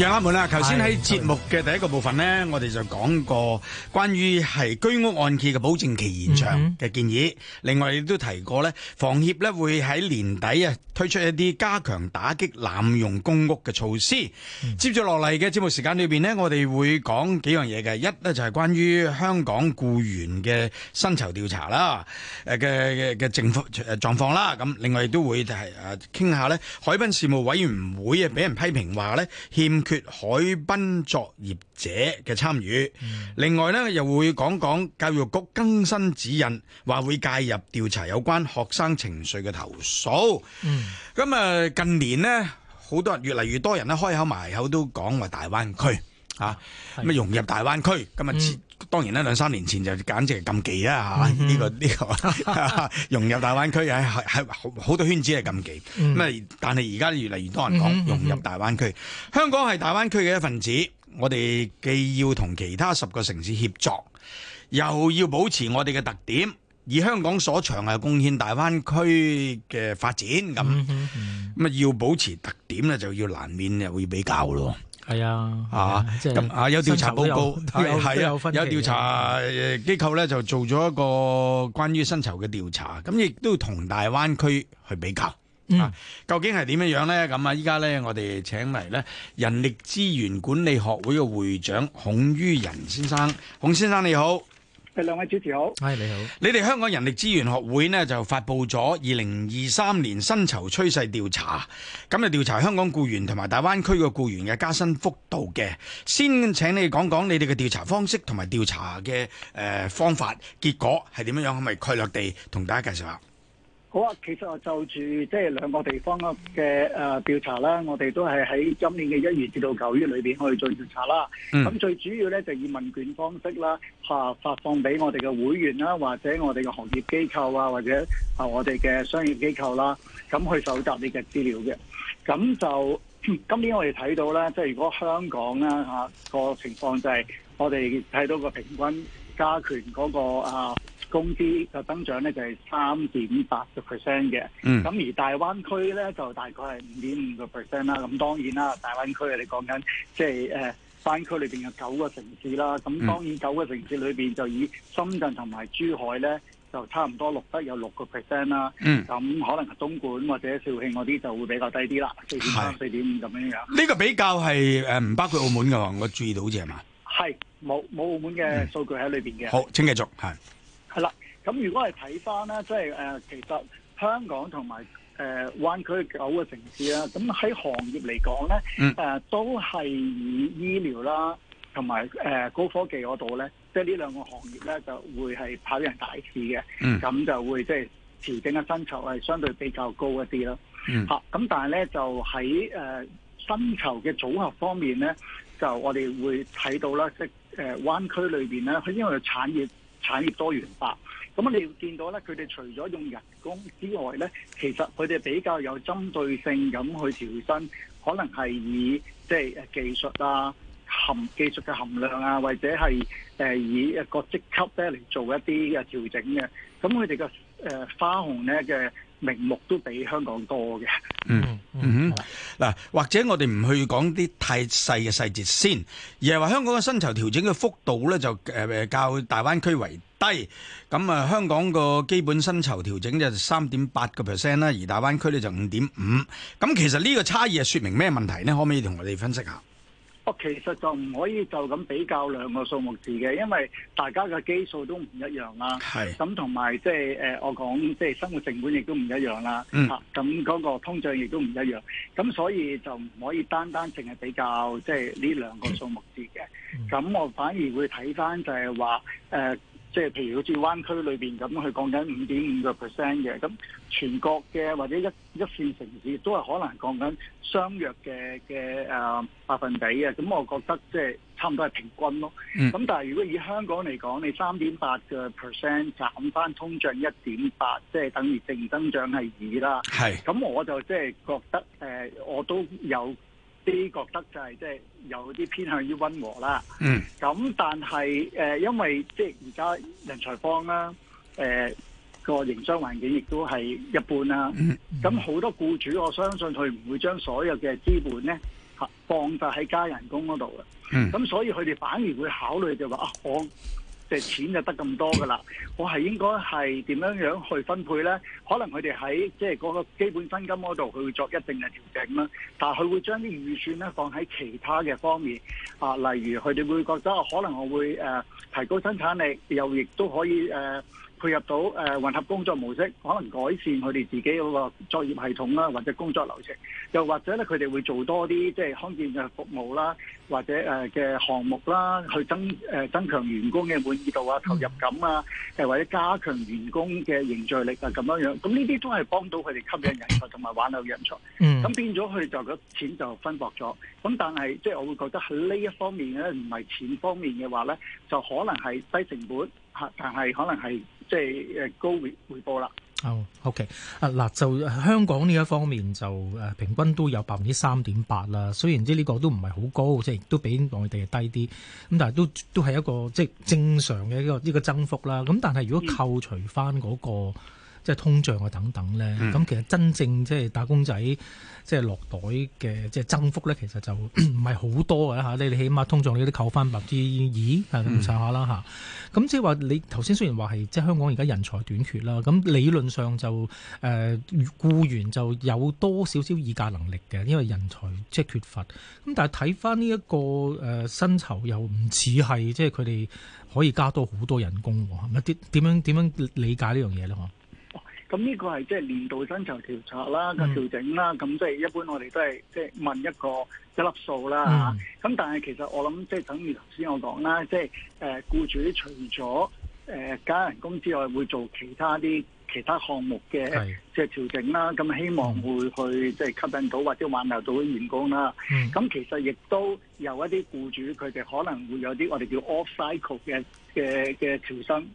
讓阿門啦！頭先喺節目嘅第一個部分咧，我哋就講過關於係居屋按揭嘅保證期延長嘅建議。另外亦都提過咧，房協咧會喺年底啊推出一啲加強打擊濫用公屋嘅措施。接住落嚟嘅節目時間裏邊咧，我哋會講幾樣嘢嘅。一咧就係關於香港僱員嘅薪酬調查啦，誒嘅嘅政府誒狀況啦。咁另外亦都會就係誒傾下咧，海濱事務委員會啊俾人批評話咧欠。缺海濱作業者嘅參與，另外呢又會講講教育局更新指引，話會介入調查有關學生情緒嘅投訴。咁啊、嗯，近年呢，好多人越嚟越多人咧，開口埋口都講話大灣區。啊！咁啊融入大灣區，咁啊，當然啦，兩三年前就簡直係禁忌啦、啊，吓呢、嗯哼這個呢、這個、啊、 融入大灣區啊，係係好多圈子係禁忌。咁啊、嗯哼，但係而家越嚟越多人講融入大灣區。嗯、哼香港係大灣區嘅一份子，我哋既要同其他十個城市協作，又要保持我哋嘅特點，而香港所長係貢獻大灣區嘅發展。咁咁啊，嗯、哼要保持特點咧，就要難免又會比較咯。係啊，即係啊，啊，啊，有調查報告，係啊，啊，有調查機構咧就做咗一個關於薪酬嘅調查，咁亦都同大灣區去比較，嗯、啊，究竟係點樣樣咧？咁啊，依家咧我哋請嚟咧人力資源管理學會嘅會長孔于仁先生，孔先生你好。兩位主持好，Hi, 你好。你哋香港人力資源學會呢就發佈咗二零二三年薪酬趨勢調查，咁就調查香港僱員同埋大灣區嘅僱員嘅加薪幅度嘅。先請你講講你哋嘅調查方式同埋調查嘅、呃、方法，結果係點樣樣，可唔可以概略地同大家介紹下？好啊，其實我就住即係兩個地方嘅誒調查啦，我哋都係喺今年嘅一月至到九月裏邊，去做調查啦。咁最主要咧就以問卷方式啦，嚇發放俾我哋嘅會員啦，或者我哋嘅行業機構啊，或者啊我哋嘅商業機構啦，咁去搜集你嘅資料嘅。咁就今年我哋睇到咧，即係如果香港啦，嚇個情況就係我哋睇到個平均加權嗰個啊。工資嘅增長咧就係三點八個 percent 嘅，咁、嗯、而大灣區咧就大概係五點五個 percent 啦。咁當然啦，大灣區啊，你講緊即係誒，灣、呃、區裏邊有九個城市啦。咁當然九個城市裏邊就以深圳同埋珠海咧就差唔多錄得有六個 percent 啦。咁、嗯、可能係東莞或者肇慶嗰啲就會比較低啲啦，四點三、四點五咁樣樣。呢個比較係誒唔包括澳門㗎，我注意到好似係嘛？係冇冇澳門嘅數據喺裏邊嘅、嗯。好，請繼續係。係啦，咁如果係睇翻咧，即係誒，其實香港同埋誒灣區九個城市啦，咁喺行業嚟講咧，誒、嗯、都係以醫療啦，同埋誒高科技嗰度咧，即係呢兩個行業咧就會係跑贏大市嘅，咁、嗯、就會即係調整嘅薪酬係相對比較高一啲咯。好、嗯，咁但係咧就喺誒薪酬嘅組合方面咧，就我哋會睇到啦，即係誒灣區裏邊咧，佢因為產業。產業多元化，咁你會見到咧，佢哋除咗用人工之外咧，其實佢哋比較有針對性咁去調薪，可能係以即係、就是、技術啊、含技術嘅含量啊，或者係誒以一個職級咧嚟做一啲嘅調整嘅，咁佢哋嘅誒花紅咧嘅。的名目都比香港多嘅，嗯，嗯，嗱，或者我哋唔去講啲太細嘅細節先，而係話香港嘅薪酬調整嘅幅度咧就誒誒較大灣區為低，咁啊香港個基本薪酬調整就三點八個 percent 啦，而大灣區咧就五點五，咁其實呢個差異係說明咩問題呢？可唔可以同我哋分析下？我其實就唔可以就咁比較兩個數目字嘅，因為大家嘅基數都唔一樣啦。係是。咁同埋即係誒，我講即係生活成本亦都唔一樣啦。嗯。嚇、啊。咁嗰個通脹亦都唔一樣。咁所以就唔可以單單淨係比較即係呢兩個數目字嘅。咁、嗯、我反而會睇翻就係話誒。呃即係譬如好似灣區裏邊咁，佢降緊五點五個 percent 嘅，咁全國嘅或者一一線城市都係可能降緊相約嘅嘅誒百分比啊，咁我覺得即係差唔多係平均咯。咁、嗯、但係如果以香港嚟講，你三點八嘅 percent 減翻通脹一點八，即係等於正增長係二啦。係，咁我就即係覺得誒、呃，我都有。啲覺得就係即係有啲偏向於溫和啦，咁、嗯、但係誒、呃，因為即係而家人才荒啦，誒、呃、個營商環境亦都係一般啦，咁好、嗯嗯、多僱主我相信佢唔會將所有嘅資本咧，放晒喺加人工嗰度嘅，咁、嗯、所以佢哋反而會考慮就話、是、啊我。即係錢就得咁多㗎啦，我係應該係點樣樣去分配咧？可能佢哋喺即係嗰個基本薪金嗰度，佢會作一定嘅調整啦。但係佢會將啲預算咧放喺其他嘅方面啊，例如佢哋會覺得可能我會誒、呃、提高生產力，又亦都可以誒。呃配入到誒、呃、混合工作模式，可能改善佢哋自己嗰個作業系統啦，或者工作流程，又或者咧佢哋會做多啲即係康健嘅服務啦，或者誒嘅項目啦，去增誒、呃、增強員工嘅滿意度啊、投入感啊，誒或者加強員工嘅凝聚力啊咁樣樣，咁呢啲都係幫到佢哋吸引人才同埋玩留人才。嗯，咁變咗佢就個錢就分薄咗。咁但係即係我會覺得喺呢一方面咧，唔係錢方面嘅話咧，就可能係低成本。但係可能係即係誒高回回報啦。哦、oh，OK 啊嗱，就香港呢一方面就誒平均都有百分之三點八啦。雖然之呢個都唔係好高，即係都比內地低啲。咁但係都都係一個即係正常嘅一個呢個增幅啦。咁但係如果扣除翻、那、嗰個。嗯即係通脹啊，等等咧。咁、嗯、其實真正即係打工仔即係落袋嘅，即係增幅咧，其實就唔係好多嘅嚇。你你起碼通脹、嗯、你都扣翻百分之二啊，咁上下啦嚇。咁即係話你頭先雖然話係即係香港而家人才短缺啦，咁理論上就誒、呃、僱員就有多少少議價能力嘅，因為人才即係缺乏。咁但係睇翻呢一個誒、呃、薪酬又唔似係即係佢哋可以加多好多人工喎？係咪點樣點樣理解這件事呢樣嘢咧？咁呢個係即係年度薪酬調查啦，嘅調整啦，咁即係一般我哋都係即係問一個一粒數啦咁、嗯、但係其實我諗即係等於頭先我講啦，即係誒僱主除咗誒、呃、加人工之外，會做其他啲其他項目嘅即係調整啦。咁希望會去即係吸引到或者挽留到啲員工啦。咁、嗯、其實亦都有一啲僱主佢哋可能會有啲我哋叫 off-cycle 嘅嘅嘅調薪。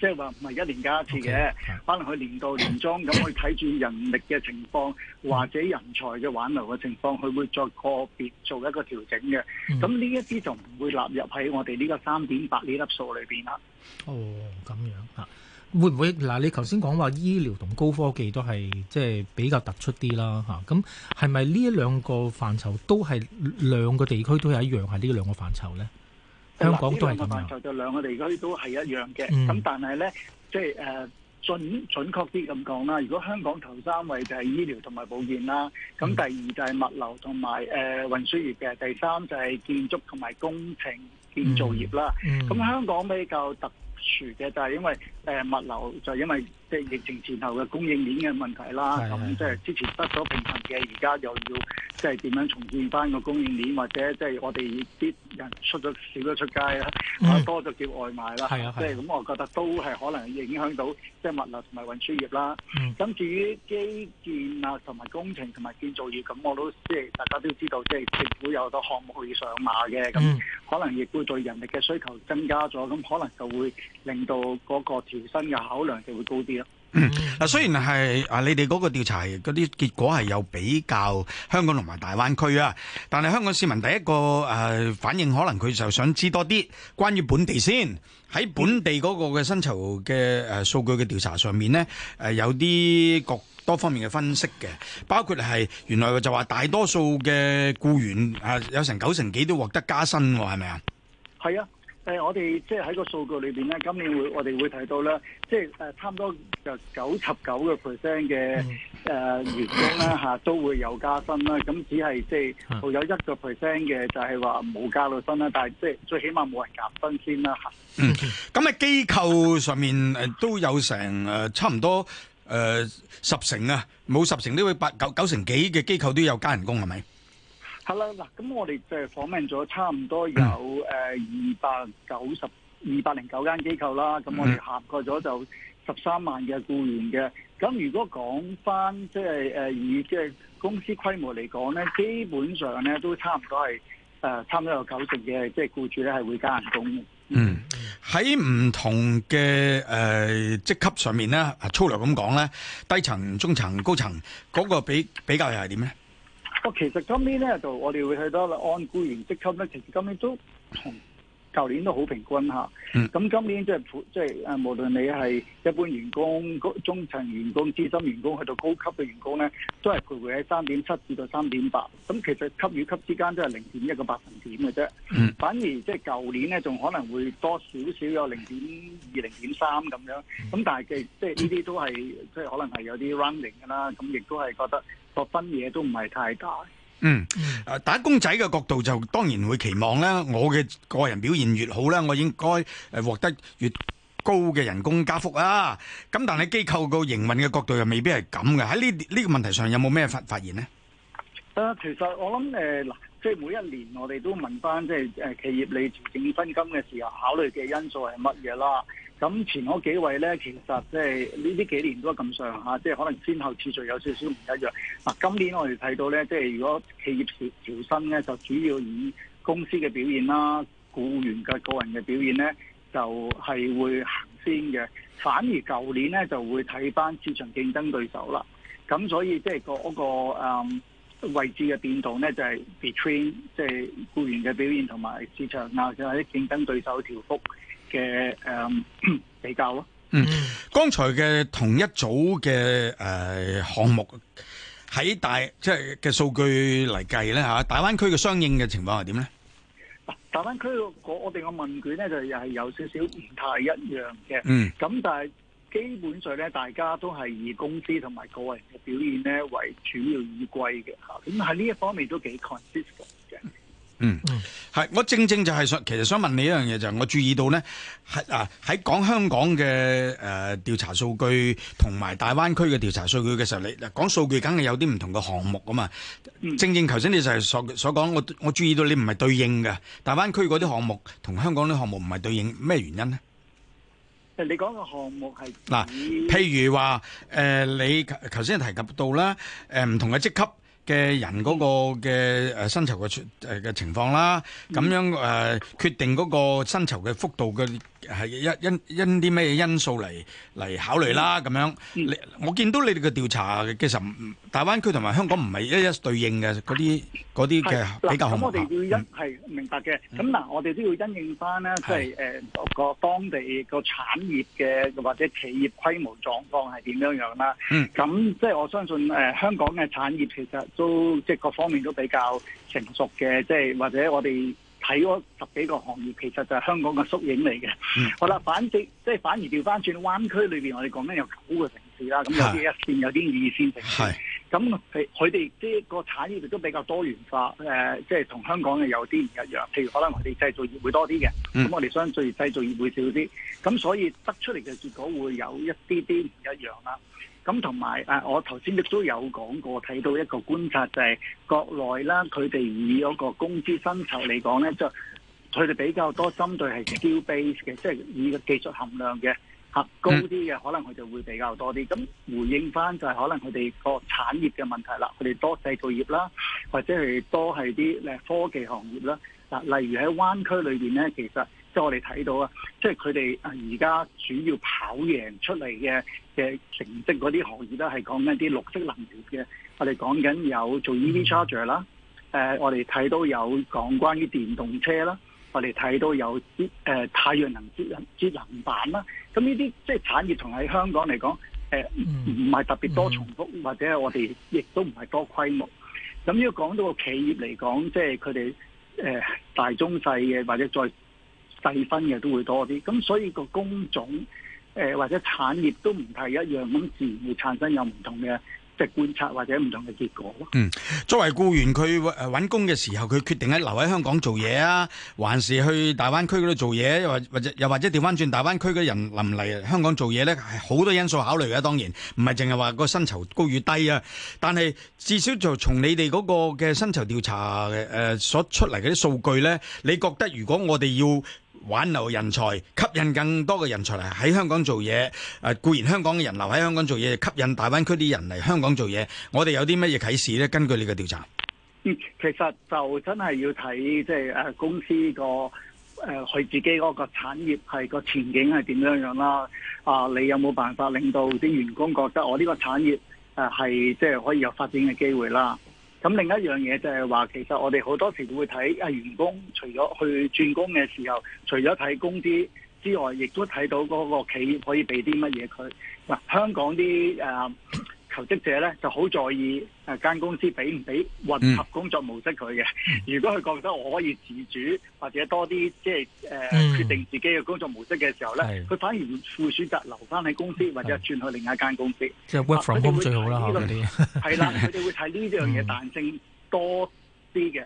即係話唔係一年加一次嘅，okay, 可能佢年度年中咁去睇住人力嘅情況 或者人才嘅挽留嘅情況，佢會再個別做一個調整嘅。咁呢一啲就唔會納入喺我哋呢個三點八呢粒數裏邊啦。哦，咁樣啊？會唔會？嗱，你頭先講話醫療同高科技都係即係比較突出啲啦？吓，咁係咪呢一兩個範疇都係兩個地區都係一樣？係呢兩個範疇咧？香港對呢兩個範疇就兩個地區都係一樣嘅。咁、嗯、但係咧，即係誒、呃、準準確啲咁講啦。如果香港頭三位就係醫療同埋保健啦，咁第二就係物流同埋誒運輸業嘅，第三就係建築同埋工程建造業啦。咁、嗯嗯、香港比較特殊嘅就係、是、因為誒、呃、物流就係因為。即係疫情前後嘅供應鏈嘅問題啦，咁即係之前失咗平衡嘅，而家又要即係點樣重建翻個供應鏈，或者即係我哋啲人出咗少咗出街啦，嗯、多咗叫外賣啦，即係咁，我覺得都係可能影響到即係、就是、物流同埋運輸業啦。咁至、嗯、於基建啊同埋工程同埋建造業，咁我都即係大家都知道，即係政府有好多項目可以上馬嘅，咁、嗯、可能亦都對人力嘅需求增加咗，咁可能就會令到嗰個調薪嘅考量就會高啲。嗱、嗯，雖然係啊，你哋嗰個調查嗰啲結果係有比較香港同埋大灣區啊，但係香港市民第一個誒、呃、反應，可能佢就想知多啲關於本地先喺本地嗰個嘅薪酬嘅誒數據嘅調查上面呢，誒有啲各多方面嘅分析嘅，包括係原來就話大多數嘅僱員啊、呃、有成九成幾都獲得加薪，係咪啊？係啊。誒、呃，我哋即係喺個數據裏邊咧，今年會我哋會睇到啦，即係誒、呃，差唔多就九十九個 percent 嘅誒員工啦，吓、呃 呃，都會有加薪啦。咁只係即係有一個 percent 嘅，就係話冇加到薪啦。但係即係最起碼冇人減薪先啦吓。咁啊、嗯，機構上面誒都有成誒、呃、差唔多誒、呃、十成啊，冇十成呢個八九九成幾嘅機構都有加人工係咪？是啦，嗱、嗯，咁我哋就係訪問咗差唔多有誒二百九十二百零九間機構啦，咁我哋涵蓋咗就十三萬嘅僱員嘅。咁如果講翻即係誒以即係公司規模嚟講咧，基本上咧都差唔多係誒差唔多有九成嘅即係僱主咧係會加人工嘅。嗯，喺唔、嗯、同嘅誒、呃、職級上面咧，粗略咁講咧，低層、中層、高層嗰、那個比比較又係點咧？哦、其實今年咧，就我哋會去到按僱員職級咧，其實今年都同舊年都好平均下咁、嗯、今年即係普即係無論你係一般員工、中層員工、資深員工，去到高級嘅員工咧，都係徘徊喺三點七至到三點八。咁其實級與級之間都係零點一個百分點嘅啫。嗯、反而即係舊年咧，仲可能會多少少有零點二、零點三咁樣。咁但係嘅即係呢啲都係即係可能係有啲 rounding 嘅啦。咁亦都係覺得。個分野都唔係太大。嗯，誒，打工仔嘅角度就當然會期望啦，我嘅個人表現越好啦，我應該誒獲得越高嘅人工加幅啊。咁但係機構個營運嘅角度又未必係咁嘅。喺呢呢個問題上，有冇咩發發現呢？誒，其實我諗誒。即係每一年我哋都問翻，即係誒企業你調整薪金嘅時候考慮嘅因素係乜嘢啦？咁前嗰幾位咧，其實即係呢啲幾年都係咁上下，即係可能先後次序有少少唔一樣。嗱，今年我哋睇到咧，即係如果企業調調薪咧，就主要以公司嘅表現啦、僱員嘅個人嘅表現咧，就係會行先嘅。反而舊年咧就會睇翻市場競爭對手啦。咁所以即係個嗰個誒。位置嘅變動咧，就係、是、between 即係雇員嘅表現同埋市場啊，仲有啲競爭對手調幅嘅誒比較咯。嗯，剛才嘅同一組嘅誒項目喺大即係嘅數據嚟計咧吓，大灣區嘅相應嘅情況係點咧？嗱、啊，大灣區我我哋嘅問卷咧就又、是、係有少少唔太一樣嘅。嗯，咁但係。基本上咧，大家都係以公司同埋個人嘅表現咧為主要依歸嘅嚇。咁喺呢一方面都幾 consistent 嘅。嗯，係我正正就係想，其實想問你一樣嘢就係，我注意到咧，喺啊喺講香港嘅誒調查數據同埋大灣區嘅調查數據嘅時候，你嗱講數據梗係有啲唔同嘅項目啊嘛。正正頭先你就係所所講，我我注意到你唔係對應嘅大灣區嗰啲項目同香港啲項目唔係對應，咩原因呢？誒，你講個項目係嗱，譬如話誒，你頭頭先提及到啦，誒唔同嘅職級嘅人嗰個嘅誒薪酬嘅誒嘅情況啦，咁樣誒決定嗰個薪酬嘅幅度嘅。係因因因啲咩因素嚟嚟考慮啦咁樣。嗯、我見到你哋嘅調查嘅時候，其實大灣區同埋香港唔係一一對應嘅嗰啲嗰啲嘅比較。咁我哋要一係、嗯、明白嘅。咁嗱的，我哋都要因應翻咧，即係誒個當地個產業嘅或者企業規模狀況係點樣樣啦。咁即係我相信誒、呃、香港嘅產業其實都即係、就是、各方面都比較成熟嘅，即、就、係、是、或者我哋。喺嗰十幾個行業，其實就係香港嘅縮影嚟嘅。嗯、好啦，反正即係反而調返轉，灣區裏邊我哋講緊有九個城市啦，咁有啲一線，有啲二線城市。的咁佢佢哋啲個產業亦都比較多元化，誒、呃，即係同香港嘅有啲唔一樣。譬如可能我哋製造業會多啲嘅，咁我哋相對製造業會少啲，咁所以得出嚟嘅結果會有一啲啲唔一樣啦。咁同埋我頭先亦都有講過，睇到一個觀察就係、是、國內啦，佢哋以嗰個工資薪酬嚟講咧，就佢、是、哋比較多針對係 skill base 嘅，即、就、係、是、以個技術含量嘅。高啲嘅，可能佢就會比較多啲。咁回應翻就係可能佢哋個產業嘅問題啦，佢哋多製造業啦，或者係多係啲誒科技行業啦。嗱，例如喺灣區裏面咧，其實即係、就是、我哋睇到啊，即係佢哋啊而家主要跑贏出嚟嘅嘅成績嗰啲行業咧，係講緊啲綠色能源嘅。我哋講緊有做 EV charger 啦，呃、我哋睇到有講關於電動車啦。我哋睇到有啲誒太陽能節能節能板啦，咁呢啲即係產業同喺香港嚟講誒，唔係特別多重複，或者係我哋亦都唔係多規模。咁如果講到個企業嚟講，即係佢哋誒大中細嘅，或者再細分嘅都會多啲。咁所以個工種誒或者產業都唔太一樣，咁自然會產生有唔同嘅。即係觀察或者唔同嘅結果。嗯，作為僱員佢誒搵工嘅時候，佢決定喺留喺香港做嘢啊，還是去大灣區嗰度做嘢，或或者又或者調返轉大灣區嘅人臨嚟香港做嘢呢？係好多因素考慮嘅。當然唔係淨係話個薪酬高與低啊，但係至少就從你哋嗰個嘅薪酬調查嘅、呃、所出嚟嗰啲數據呢，你覺得如果我哋要挽留人才，吸引更多嘅人才嚟喺香港做嘢。誒固然香港嘅人流喺香港做嘢，吸引大灣區啲人嚟香港做嘢。我哋有啲乜嘢啟示咧？根據你嘅調查，嗯，其實就真係要睇即係誒公司個誒佢自己嗰個產業係個前景係點樣樣啦。啊，你有冇辦法令到啲員工覺得我呢個產業誒係即係可以有發展嘅機會啦？咁另一樣嘢就係話，其實我哋好多時會睇啊員工，除咗去轉工嘅時候，除咗睇工資之外，亦都睇到嗰個企業可以俾啲乜嘢佢。嗱、啊，香港啲誒。求職者咧，就好在意誒，間、呃、公司俾唔俾混合工作模式佢嘅。嗯、如果佢覺得我可以自主或者多啲，即係誒決定自己嘅工作模式嘅時候咧，佢是反而會選擇留翻喺公司，或者轉去另一間公司。即係 work from home、啊、最好啦，係啦，佢哋 會睇呢樣嘢，彈性多。啲嘅，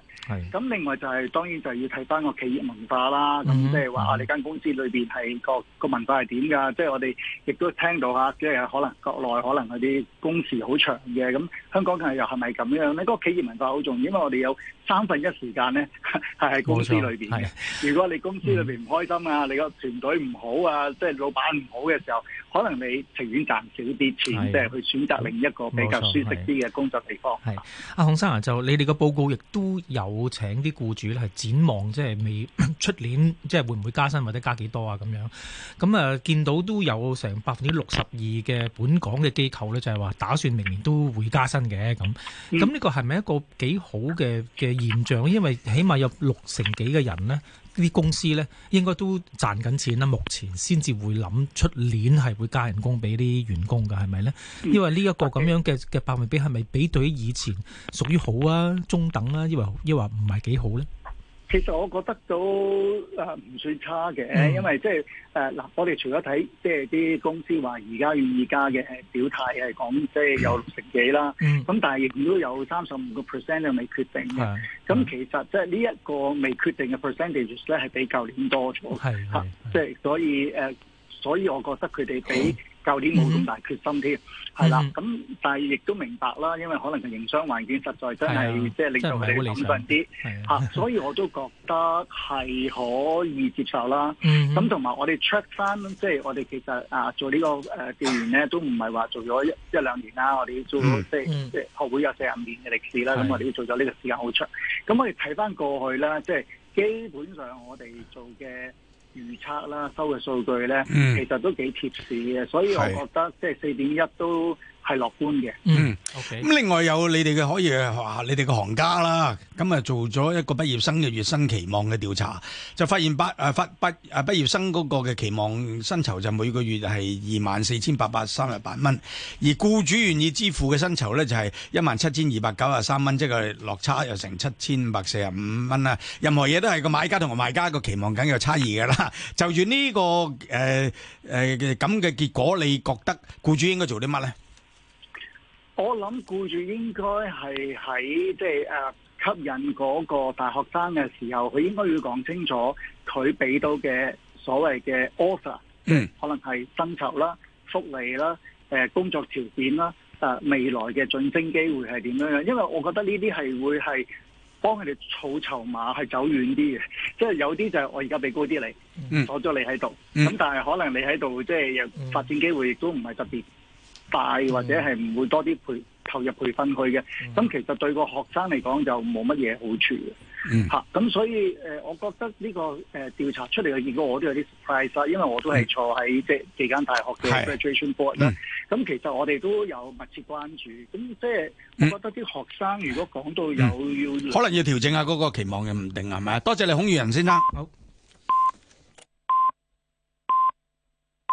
咁另外就係、是、當然就要睇返個企業文化啦。咁即係話你間公司裏面係個、嗯、的文化係點㗎？即、就、係、是、我哋亦都聽到呀，即係可能國內可能佢啲工時好長嘅。咁香港嘅又係咪咁樣咧？嗰、那個企業文化好重要，因為我哋有三分一時間咧係喺公司裏面嘅。如果你公司裏面唔開心啊，嗯、你個團隊唔好啊，即、就、係、是、老闆唔好嘅時候。可能你情願賺少啲錢，即係是去選擇另一個比較舒適啲嘅工作地方。係，阿孔生啊，就你哋嘅報告亦都有請啲僱主咧，展望即係未出年，即係會唔會加薪或者加幾多啊？咁樣咁啊，見到都有成百分之六十二嘅本港嘅機構咧，就係、是、話打算明年都會加薪嘅咁。咁呢、嗯、個係咪一個幾好嘅嘅現象？因為起碼有六成幾嘅人呢。呢啲公司呢，應該都賺緊錢啦，目前先至會諗出年係會加人工俾啲員工㗎，係咪呢？因為呢一個咁樣嘅嘅百分比係咪比對於以前屬於好啊、中等啦、啊，抑或抑或唔係幾好呢？其實我覺得都啊唔算差嘅，因為即係誒嗱，我哋除咗睇即係啲公司話而家願而家嘅表態，係講即係有六成幾啦。咁、嗯、但係亦都有三十五個 percent 又未決定嘅。咁是其實即係呢一個未決定嘅 percentage 咧，係比舊年多咗。係係，即係所以誒、呃，所以我覺得佢哋比。嗯舊年冇咁大決心添，係啦，咁但係亦都明白啦，因為可能個營商環境實在真係即係令到佢哋諗上啲，所以我都覺得係可以接受啦。咁同埋我哋 check 翻，即係我哋其實啊做呢個誒店員咧，都唔係話做咗一一兩年啦，我哋做即係即係學會有四十五年嘅歷史啦，咁我哋做咗呢個時間好出。咁我哋睇翻過去啦，即係基本上我哋做嘅。預測啦，收嘅數據咧，嗯、其實都幾貼士嘅，所以我覺得即係四點一都，係樂觀嘅。嗯，OK。咁另外有你哋嘅可以，學下你哋嘅行家啦。咁啊，做咗一個畢業生嘅月薪期望嘅調查，就發現畢誒、啊、發畢誒畢業生嗰個嘅期望薪酬就每個月係二萬四千八百三十八蚊，而僱主願意支付嘅薪酬咧就係一萬七千二百九十三蚊，即係落差又成七千五百四十五蚊啦。任何嘢都係個買家同埋賣家個期望梗有差異噶啦。就住呢個誒誒咁嘅結果，你覺得僱主應該做啲乜咧？我諗僱主應該係喺即係誒吸引嗰個大學生嘅時候，佢應該要講清楚佢俾到嘅所謂嘅 offer，嗯，可能係薪酬啦、福利啦、誒、呃、工作條件啦、誒、啊、未來嘅晉升機會係點樣樣。因為我覺得呢啲係會係幫佢哋儲籌碼，係走遠啲嘅。即係有啲就係我而家俾高啲你，鎖咗、嗯、你喺度，咁、嗯、但係可能你喺度即係發展機會亦都唔係特別。大或者係唔會多啲培、嗯、投入培訓佢嘅，咁、嗯、其實對個學生嚟講就冇乜嘢好處嘅，吓咁、嗯啊、所以誒、呃，我覺得呢、這個誒調、呃、查出嚟嘅結果我都有啲 surprise 啊，因為我都係坐喺、嗯、即係幾間大學嘅 graduation board 啦，咁其實我哋都有密切關注，咁即係我覺得啲學生如果講到有、嗯、要領，可能要調整下嗰個期望嘅，唔定係咪？多謝你，孔于人先生。好